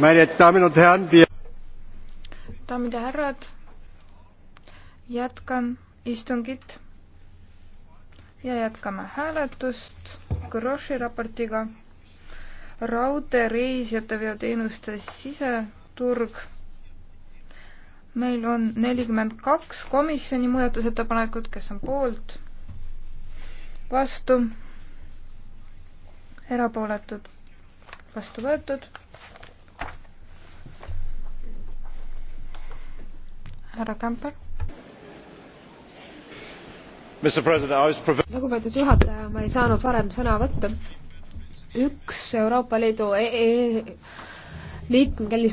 daamid ja härrad, jätkan istungit ja jätkame hääletust Groshi raportiga raudteereisijate veoteenuste siseturg. meil on nelikümmend kaks komisjoni muudatusettepanekut, kes on poolt, vastu, erapooletud, vastu võetud härra Kämper. lugupeetud juhataja, ma ei saanud varem sõna võtta. üks Euroopa Liidu e e liikmelisus